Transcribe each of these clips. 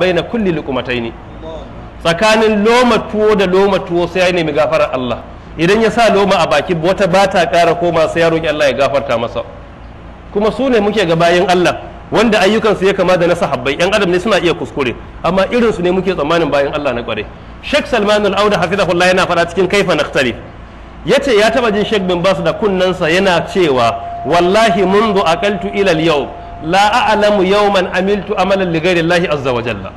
baina kulli luqmataini tsakanin loma tuwo da loma tuwo sai ya nemi gafarar Allah idan ya sa loma a baki wata ba ta ƙara koma sai ya roki Allah ya gafarta masa kuma su ne muke ga bayan Allah wanda ayyukansu ya kama da na sahabbai yan adam ne suna iya kuskure amma irin su ne muke tsammanin bayan Allah na kware Sheikh Salman Al-Auda hafizahullah yana fara cikin kaifa ya yace ya taba jin Sheikh bin Bas da kunnansa yana cewa wallahi mundu aqaltu ila al-yawm la a'lamu yawman amiltu amalan li ghairi Allah azza wa jalla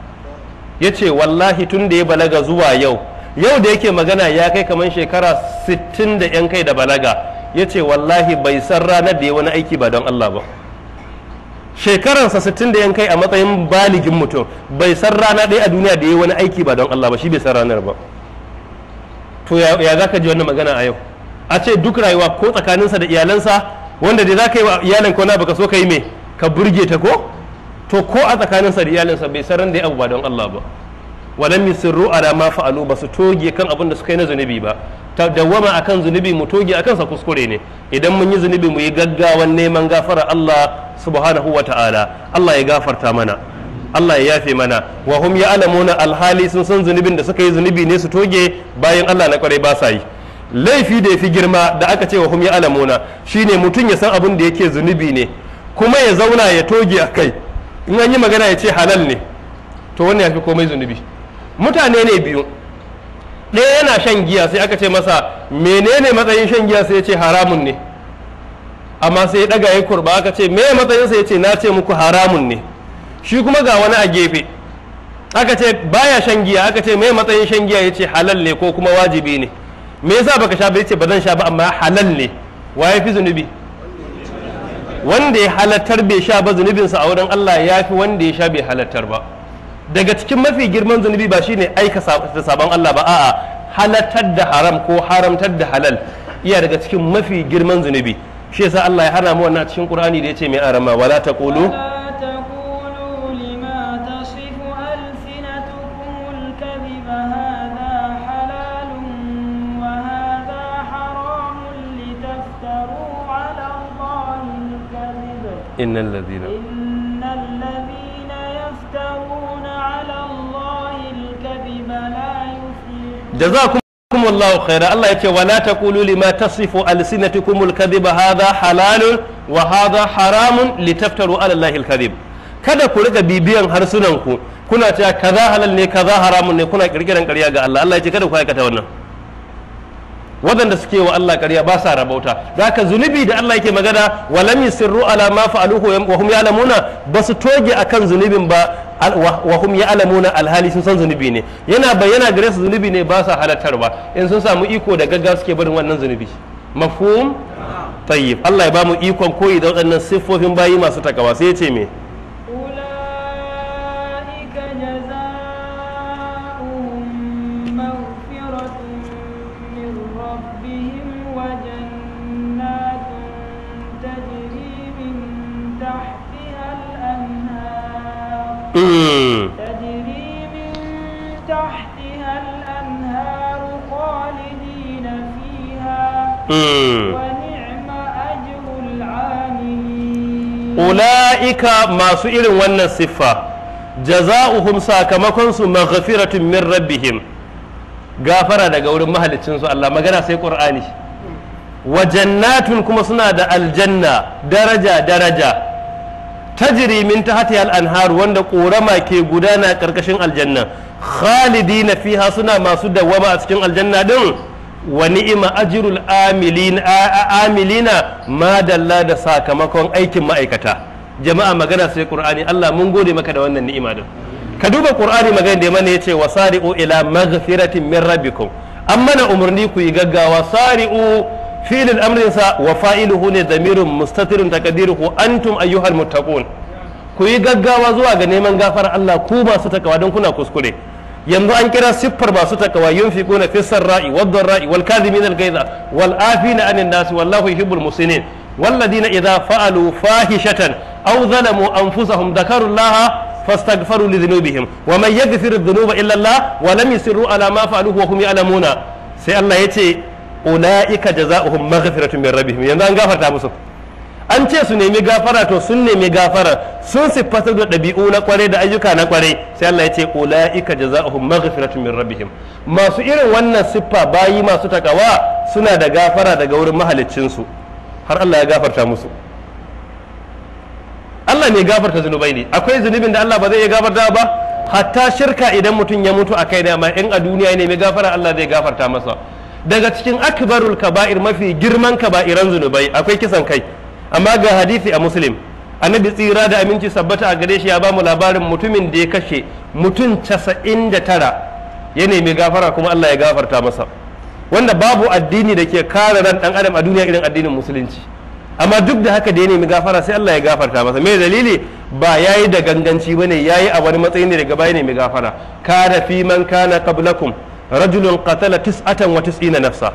yace wallahi tun da ya balaga zuwa yau yau da yake magana ya kai kaman shekara 60 da yan kai da balaga yace wallahi bai san rana da ya wani aiki ba don Allah ba shekararsa 60 da yan kai a matsayin baligin mutum bai san rana ɗaya a duniya da ya wani aiki ba don Allah ba shi bai san ranar ba to ya za ka ji wannan magana a yau a ce duk rayuwa ko tsakaninsa da iyalansa wanda dai za ka yi wa iyalanka wani baka so ka yi me ka burge ta ko to ko a tsakaninsa da iyalinsa bai san da ya abu ba don Allah ba walam yusirru ala ma fa'alu ba su toge kan abin da suka yi na zunubi ba ta dawwama akan zunubi mu toge akan sa kuskure ne idan mun yi zunubi mu yi gaggawan neman gafara Allah subhanahu wa ta'ala Allah ya gafarta mana Allah ya yafe mana wa hum ya'lamuna alhali sun san zunubin da suka yi zunubi ne su toge bayan Allah na kwarai ba sa yi laifi da ya fi girma da aka ce wa hum ya'lamuna shine mutum ya san abin da yake zunubi ne kuma ya zauna ya toge a kai in an yi magana ya ce halal ne to wannan ya fi komai zunubi mutane ne biyu ɗaya yana shan giya sai aka ce masa menene matsayin shan giya sai ya ce haramun ne amma sai ya ɗaga ya kurba aka ce me sai ya ce na ce muku haramun ne shi kuma ga wani a gefe aka ce baya shan giya aka ce me matsayin shan giya ya ce halal ne ko kuma wajibi ne me yasa baka sha ba ya ce ba zan sha ba amma halal ne wa ya fi zunubi wanda ya halatar bai sha ba zunubinsa a wurin Allah ya fi wanda ya sha bai halatar ba daga cikin mafi girman zunubi ba shine aika da sabon Allah ba a'a halatar da haram ko haramtar da halal iya daga cikin mafi girman zunubi shi yasa Allah ya hana mu wannan cikin Qur'ani da ce mai arama wala taqulu إن الذين إن الذين يفترون على الله الكذب لا يفلحون جزاكم الله خيرا الله يتي ولا تقولوا لما تصف ألسنتكم الكذب هذا حلال وهذا حرام لتفتروا على الله الكذب kada ku riga bibiyan harsunanku kuna cewa kaza halal ne kaza haramun ne kuna kirkiran ƙarya ga Allah Allah ya ce kada ku aikata wannan waɗanda suke wa Allah ƙarya ba sa rabauta da ka zunubi da Allah yake magana walam sirru ala ma fa'aluhu wa hum ya'lamuna ba su toge akan zunubin ba wa hum ya'lamuna alhali sun san zunubi ne yana bayyana gare su zunubi ne ba sa ba in sun samu iko da gaggawa suke barin wannan zunubi mafhum tayyib Allah ya ba mu ikon koyi da waɗannan siffofin bayi masu takawa sai ya ce me ula'ika masu irin wannan siffa jaza'uhum sakamakonsu maghfiratun min rabbihim gafara daga wurin mahalicinsu Allah magana sai kur'ani wa jannatun kuma suna da aljanna daraja daraja tajri min tahtiha al-anhar wanda ƙorama ke gudana ƙarƙashin aljanna khalidina fiha suna masu dawwama a cikin aljanna din wa ni'ima ajrul amilina amilina ma dalla da sakamakon aikin ma'aikata jama'a magana sai qur'ani Allah mun gode maka da wannan ni'ima din ka duba qur'ani magana da mana yace wasari'u ila maghfiratin min rabbikum an mana umarni ku yi gaggawa sari'u filin amrinsa wa fa'iluhu ne damirun mustatirun takadiruhu antum ayyuhal muttaqun ku yi gaggawa zuwa ga neman gafar Allah ku masu takawa don kuna kuskure yanzu an kira siffar masu takawa yunfiquna fi sarra'i wad ra'i wal kadhimin al gaiza wal afina anin nas wallahu yuhibbul musinin والذين إذا فعلوا fahishatan. أو ظلموا أنفسهم ذكروا الله فاستغفروا لذنوبهم wa يغفر الذنوب إلا الله ولم wa على ما فعلوه وهم يعلمون wa الله يتي sai Allah مغفرة من ربهم maghfiratun min rabbihim yanzu an musu an ce su nemi gafara to sun nemi gafara sun siffata da ɗabi'u na kwarai da ayyuka na kwarai sai Allah ya ce ulaika jazaohum maghfiratun min rabbihim masu irin wannan siffa bayi masu takawa suna da gafara daga wurin mahaliccinsu har Allah ya gafarta musu Allah mai gafarta zunubai ne akwai zunubin da Allah ba zai iya gafarta ba hatta shirka idan mutum ya mutu a kai da ma in a duniya ne mai gafara Allah zai gafarta masa daga cikin akbarul kaba'ir mafi girman kaba'iran zunubai akwai kisan kai amma ga hadisi a muslim annabi tsira da aminci sabbata a gare shi ya bamu labarin mutumin da ya kashe mutum casa'in da tara ya nemi gafara kuma Allah ya gafarta masa wanda babu addini da ke kare ran dan adam a duniya irin addinin musulunci amma duk da haka da ya nemi gafara sai Allah ya gafarta masa me dalili ba yayi da ganganci ba bane yayi a wani matsayi ne daga baya mai gafara kana fi man na qablakum rajulun qatala tis'atan wa tis'ina nafsa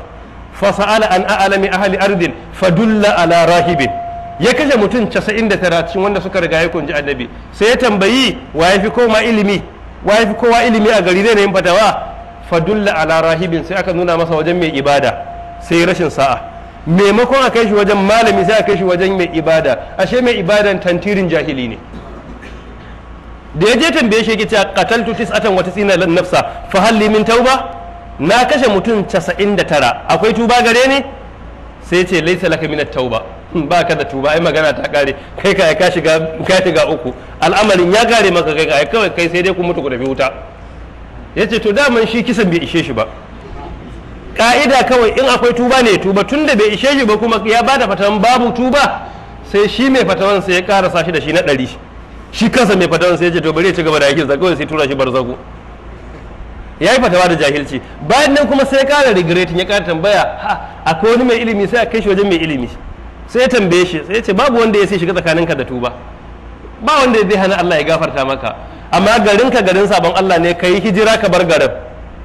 fa sa'ala an a'lami ahli ardin fadulla ala rahibin ya kashe mutum 99 cikin wanda suka riga ya kunji annabi sai ya tambayi wa yafi kowa ilimi wa yafi kowa ilimi a gari ne yin fatawa fadulla ala rahibin sai aka nuna masa wajen mai ibada sai rashin sa'a maimakon a kai shi wajen malami sai a kai shi wajen mai ibada ashe mai ibadan tantirin jahili ne da ya je tambaye shi cewa qataltu atan wata tsina lan nafsa fa halli min tauba na kashe mutum 99 akwai tuba gare ne sai ce laisa laka min tauba hmm, ba ka da tuba ai magana ta kare kai ka ka shiga ka shiga uku al'amarin ya gare maka kai kai kawai kai sai dai ku mutu ku tafi wuta yace to daman shi kisan bai ishe shi ba ka'ida kawai in akwai tuba ne tuba tun da bai ishe shi ba kuma ya bada fatawan babu tuba sai shi mai fatawan sai ya karasa shi da shi na ɗari shi kansa mai fatawan sai ya ce to bari ya ci gaba da aikin kawai sai tura shi bar barzago ya yi fatawa da jahilci bayan nan kuma sai ya kara regretin ya kara tambaya ha akwai wani mai ilimi sai a kai shi wajen mai ilimi sai ya tambaye shi sai ya ce babu wanda ya sai shiga tsakaninka da tuba ba wanda ya zai hana Allah ya gafarta maka amma garinka garin sabon Allah ne kai hijira ka bar garin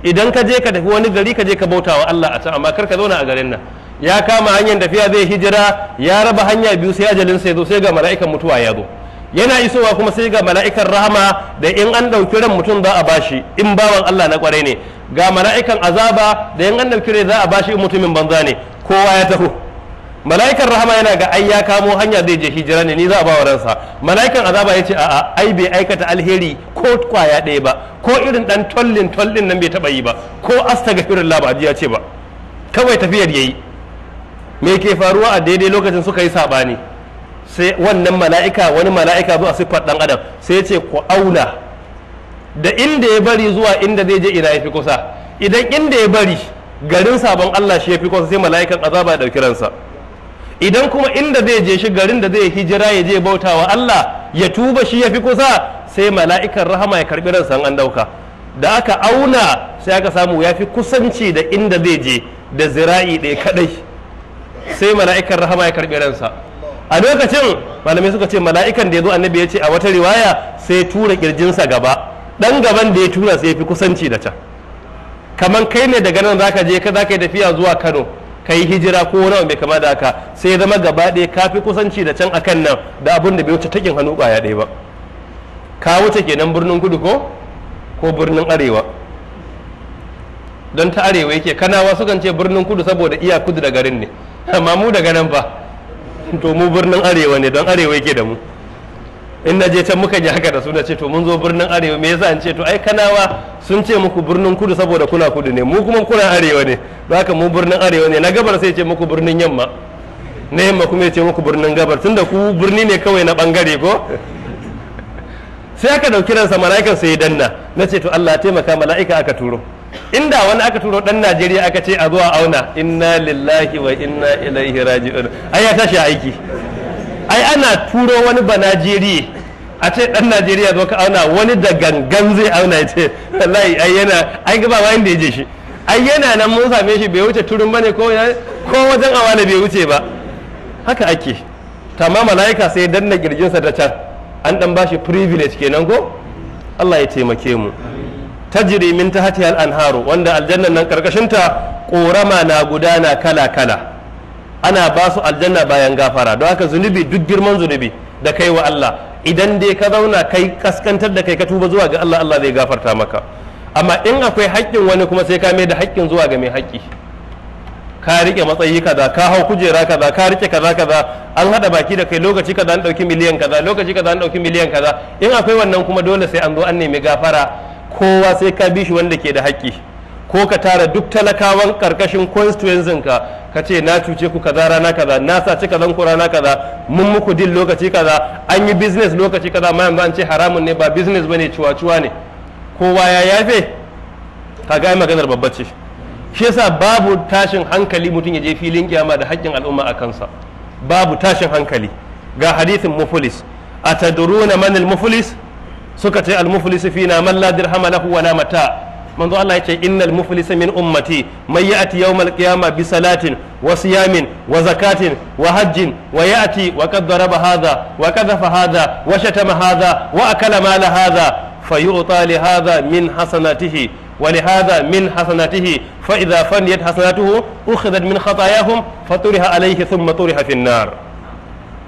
idan ka je ka tafi wani gari ka je ka bauta wa Allah a can amma kar ka zauna a garin nan ya kama hanyar tafiya zai hijira ya raba hanya biyu sai ajalin sai zo sai ga mala'ikan mutuwa ya zo yana isowa kuma sai ga mala'ikan rahama da in an dauki ran mutum za a bashi in bawan Allah na kwarai ne ga mala'ikan azaba da in an dauki rai za a bashi in mutumin banza ne kowa ya taho mala'ikan rahama yana ga ai ya kamo hanya zai je hijira ne ni za a ba wa ransa mala'ikan azaba ya ce a'a ai bai aikata alheri ko kwaya ɗaya ba ko irin dan tollin tollin nan bai taba yi ba ko astaghfirullah ba ya ce ba kawai tafiyar yayi me ke faruwa a daidai lokacin suka yi sabani sai wannan mala'ika wani mala'ika zuwa siffar ɗan adam sai ya ce ku auna da inda ya bari zuwa inda zai je ina ya fi kusa idan inda ya bari garin sabon Allah shi ya fi kusa sai mala'ikan azaba ya dauki ransa idan kuma inda zai je shi garin da zai hijira ya je bautawa Allah ya tuba shi ya fi kusa sai mala'ikan rahama ya karbi ransa an dauka da aka auna sai aka samu ya fi kusanci da inda zai je da zira'i ɗaya kadai sai mala'ikan rahama ya karbi ransa a lokacin malamai suka ce mala'ikan da ya zo annabi ya ce a wata riwaya sai tura kirjinsa gaba dan gaban da ya tura sai ya fi kusanci da can kaman kai ne daga nan zaka je ka zaka yi tafiya zuwa Kano ka hijira ko wani mai kama da haka sai ya zama gaba ɗaya ka fi kusanci da can akan nan da abin da bai wuce takin hannu ɓaya ɗaya ba ka wuce kenan birnin kudu ko ko birnin arewa don ta arewa yake kanawa sukan ce birnin kudu saboda iya kudu da garin ne amma mu daga nan ba to mu birnin arewa ne don arewa yake da mu in na je can muka yi haka da su na ce to mun zo birnin arewa me yasa an ce to ai kanawa sun ce muku birnin kudu saboda kuna kudu ne mu kuma kuna arewa ne don haka mu birnin arewa ne na gabar sai ce muku birnin yamma na yamma kuma ya ce muku birnin gabar tunda ku birni ne kawai na bangare ko sai aka dauki ransa mala'ikan sai ya danna na ce to Allah taimaka mala'ika aka turo inda wani aka turo dan Najeriya aka ce a zuwa auna inna lillahi wa inna ilaihi raji'un ai ya tashi aiki ai ana turo wani ba Najeriya a ce dan Najeriya zo ka auna wani da gangan zai auna ya ce wallahi ai yana ai ga ba wani da ya je shi ai yana nan mun same shi bai wuce turun bane ko ko wajen awala bai wuce ba haka ake tamma malaika sai danna sa da can an dan bashi privilege kenan ko Allah ya taimake mu tajri min tahtiha al-anharu wanda aljannan nan karkashin ta korama na gudana kala kala ana ba su aljanna bayan gafara don haka zunubi duk girman zunubi da kai wa Allah idan dai ka zauna kai kaskantar da kai ka tuba zuwa ga Allah Allah zai gafarta maka amma in akwai haƙƙin wani kuma sai ka mai da haƙƙin zuwa ga mai haƙƙi ka rike matsayi kaza ka hau kujera kaza ka rike kaza kaza an hada baki da kai lokaci kaza an dauki miliyan kaza lokaci kaza an dauki miliyan kaza in akwai wannan kuma dole sai an zo an nemi gafara kowa sai ka bi shi wanda ke da haƙƙi ko ka tara duk talakawan karkashin constituencies ka ka ce na cuce ku kaza rana kaza na saci kaza ku rana kaza mun muku dil lokaci kaza an yi business lokaci kaza amma yanzu an ce haramun ne ba business bane cuwa-cuwa ne kowa ya yafe ka ga maganar babba ce shi yasa babu tashin hankali mutum ya je filin kiyama da haƙƙin al'umma a kansa babu tashin hankali ga hadithin mufulis atadruna man al-muflis suka ce al-muflis fina man la dirhama lahu wa la mata' manzo Allah yace innal muflisa min ummati may ya'ti yawmal qiyamah bisa latin wa siyamin wa zakatin wa hajjin wa ya'ti wa qad daraba hadha wa kadhafa hadha wa shatama hadha wa akala mala hadha fayu'ta li hadha min hasanatihi ولهذا من حسناته فإذا فنيت حسناته أخذت من خطاياهم فطرح عليه ثم طرح في النار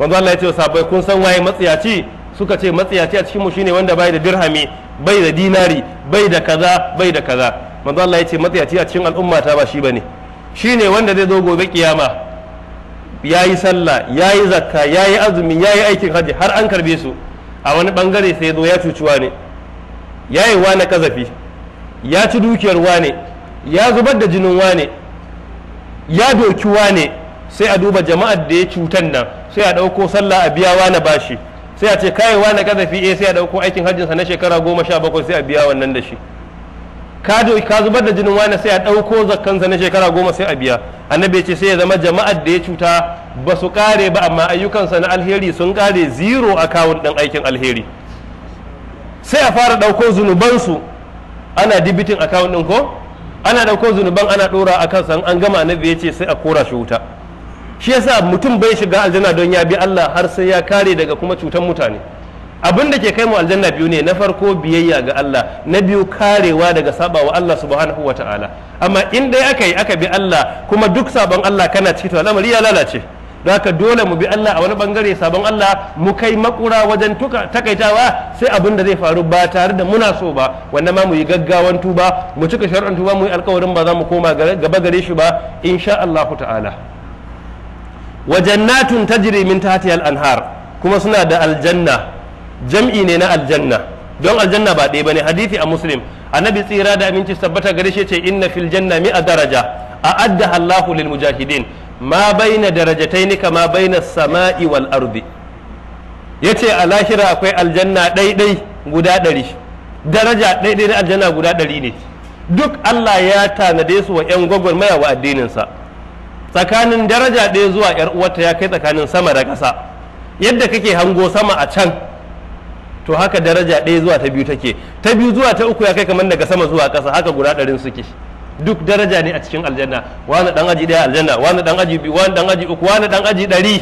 manzo Allah ya ce sabai kun san waye matsiyaci suka ce matsiyaci a cikinmu shi ne wanda bai da dirhami bai da dinari bai da kaza bai da kaza manzo Allah ya ce matsayaci a cikin al'umma ta ba shi bane shine wanda zai zo gobe kiyama yayi sallah yayi zakka yayi azumi yayi aikin haji har an karbe su a wani bangare sai zo ya cucuwa ne yayi wani kazafi ya ci dukiyar wane ya zubar da jinin wane ya doki wane sai a duba jama'ar da ya cutan nan sai a ɗauko sallah a biya wane bashi sai a ce kai wani kazafi eh sai a dauko aikin hajjinsa na shekara goma sha bakwai sai a biya wannan da shi ka ka zubar da jinin wani sai a dauko zakkansa na shekara goma sai a biya annabi ce sai ya zama jama'ar da ya cuta ba su kare ba amma ayyukansa na alheri sun kare zero account din aikin alheri sai a fara dauko zunubansu ana dibitin account ɗin ko ana dauko zunuban ana dora akan san an gama annabi ya ce sai a kora shi wuta shi yasa mutum bai shiga aljanna don ya bi Allah har sai ya kare daga kuma cutan mutane abin da ke kai mu aljanna biyu ne na farko biyayya ga Allah na biyu karewa daga saba wa Allah subhanahu wa ta'ala amma in dai aka yi aka bi Allah kuma duk sabon Allah kana ciki to al'amari ya lalace don haka dole mu bi Allah a wani bangare sabon Allah mu kai makura wajen takaitawa sai abin da zai faru ba tare da muna so ba wannan ma mu yi gaggawan tuba mu cika shar'an tuba mu yi alkawarin ba za mu koma gaba gare shi ba insha Allah ta'ala wa jannatun tajri min tahtiha al-anhar kuma suna da aljanna jam'i ne na aljanna don aljanna ba ɗaya bane hadisi a muslim annabi tsira da aminci tabbata gare shi ce inna fil janna mi'a daraja a adda Allahu lil mujahidin ma baina darajataini kama baina samai wal ardi yace a lahira akwai aljanna ɗaiɗai guda ɗari daraja ɗaiɗai na aljanna guda ɗari ne duk Allah ya tanade su wa 'yan gwagwarmaya wa addininsa tsakanin daraja ɗaya zuwa ‘yar uwarta ya kai tsakanin sama da ƙasa yadda kake hango sama a can to haka daraja ɗaya zuwa ta biyu take ta biyu zuwa ta uku ya kai kamar daga sama zuwa ƙasa haka guda ɗarin suke duk daraja ne a cikin aljanna wani dan aji ɗaya aljanna wani dan aji biyu wani dan aji uku wani dan aji ɗari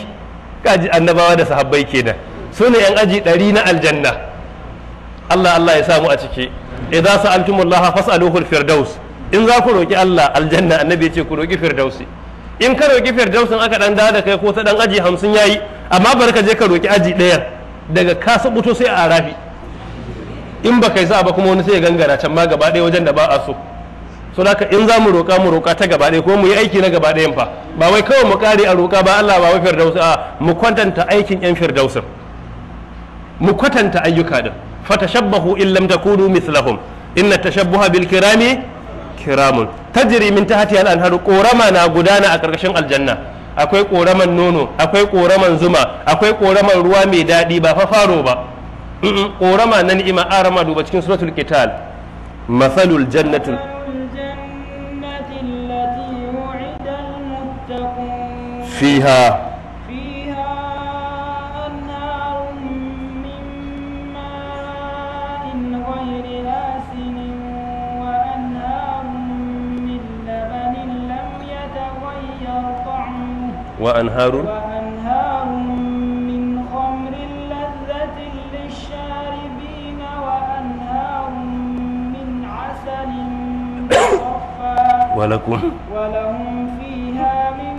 kaji annabawa da sahabbai kenan su ne yan aji ɗari na aljanna Allah Allah ya samu a ciki idza sa'altumullaha fas'aluhu al-firdaus in za ku roki Allah aljanna annabi ya ce ku roki firdausi in ka roki firdausin aka dan da kai ko ta dan aji hamsin ya yi, amma bari ka je ka roki aji ɗaya daga ka sabuto sai a rafi in ba kai sa ba kuma wani sai ya gangara can ma gaba ɗaya wajen da ba a so so haka in za mu roƙa mu roƙa ta gaba ɗaya ko mu yi aiki na gaba ɗayan fa ba wai kawai mu kare a roƙa ba Allah ba wai firdausi a mu kwatanta aikin yan firdausin mu kwatanta ayyuka din fatashabbahu in lam takunu mislahum inna tashabbuha bil kirami kiramun tajiri min tahtiha al-anharu korama na gudana a ƙarƙashin aljanna akwai koraman nono akwai koraman zuma akwai koraman ruwa mai daɗi ba fafaro ba korama na ni'ima arama duba cikin suratul qital masalul jannatu fiha وأنهار وأنهار من خمر لذة للشاربين وأنهار من عسل مصفى ولكم ولهم فيها من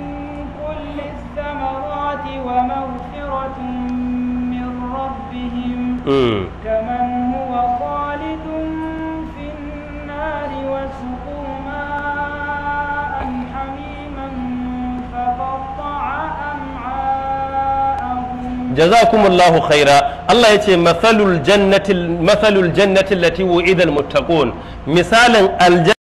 كل الثمرات ومغفرة من ربهم كمن jazakumullahu khaira Allah ya ce mathalul jannati mathalul jannati allati wu'ida almuttaqun misalin aljanna